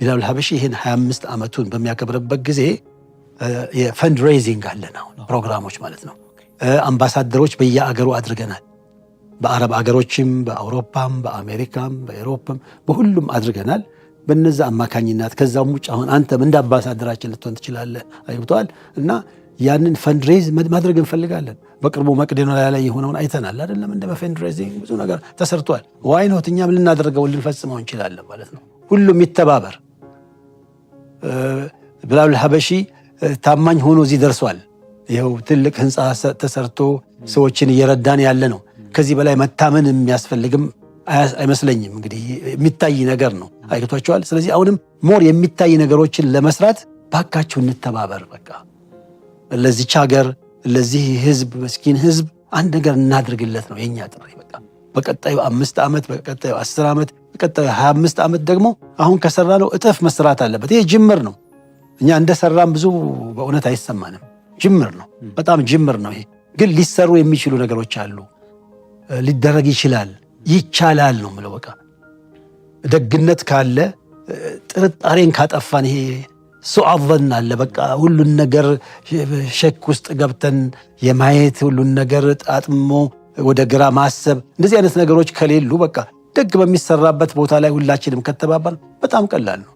ቢላል ሀበሺ ይህን 25 ዓመቱን በሚያከብርበት ጊዜ የፈንድ ሬይዚንግ አለ ነው ፕሮግራሞች ማለት ነው። አምባሳደሮች በየአገሩ አድርገናል። በአረብ አገሮችም፣ በአውሮፓም፣ በአሜሪካም፣ በኤሮፓም በሁሉም አድርገናል። በነዛ አማካኝነት ከዛም ውጭ አሁን አንተም እንደ አምባሳደራችን ልትሆን ትችላለህ። አይብተዋል እና ያንን ፈንድሬዝ ማድረግ እንፈልጋለን። በቅርቡ መቅደኖሪያ ላይ የሆነውን አይተናል አይደለም? እንደ በፈንድሬዚንግ ብዙ ነገር ተሰርቷል። ዋይኖት እኛም ልናደርገው ልንፈጽመው እንችላለን ማለት ነው። ሁሉም ይተባበር። ብላብል ሀበሺ ታማኝ ሆኖ እዚህ ደርሷል። ይኸው ትልቅ ህንፃ ተሰርቶ ሰዎችን እየረዳን ያለ ነው። ከዚህ በላይ መታመን የሚያስፈልግም አይመስለኝም። እንግዲህ የሚታይ ነገር ነው። አይገቷቸዋል። ስለዚህ አሁንም ሞር የሚታይ ነገሮችን ለመስራት ባካችሁ እንተባበር። በቃ ለዚች ሀገር ለዚህ ህዝብ መስኪን ህዝብ አንድ ነገር እናድርግለት ነው የኛ ጥሪ። በቃ በቀጣዩ አምስት ዓመት በቀጣዩ አስር ዓመት ቀጠለ 25 ዓመት ደግሞ አሁን ከሰራ ነው እጥፍ መስራት አለበት። ይሄ ጅምር ነው። እኛ እንደሰራም ብዙ በእውነት አይሰማንም። ጅምር ነው፣ በጣም ጅምር ነው። ይሄ ግን ሊሰሩ የሚችሉ ነገሮች አሉ። ሊደረግ ይችላል፣ ይቻላል ነው የምለው። በቃ ደግነት ካለ ጥርጣሬን ካጠፋን ይሄ ሱአዘን አለ። በቃ ሁሉን ነገር ሸክ ውስጥ ገብተን የማየት ሁሉን ነገር አጥሞ ወደ ግራ ማሰብ እንደዚህ አይነት ነገሮች ከሌሉ በቃ ደግ በሚሰራበት ቦታ ላይ ሁላችንም ከተባበር በጣም ቀላል ነው።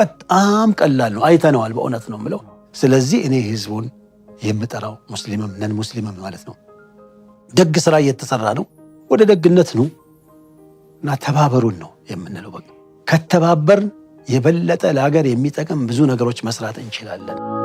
በጣም ቀላል ነው። አይተነዋል። በእውነት ነው የምለው። ስለዚህ እኔ ህዝቡን የምጠራው ሙስሊምም ነን ሙስሊምም ማለት ነው ደግ ስራ እየተሰራ ነው። ወደ ደግነት ነው እና ተባበሩን ነው የምንለው። በቃ ከተባበርን የበለጠ ለሀገር የሚጠቅም ብዙ ነገሮች መስራት እንችላለን።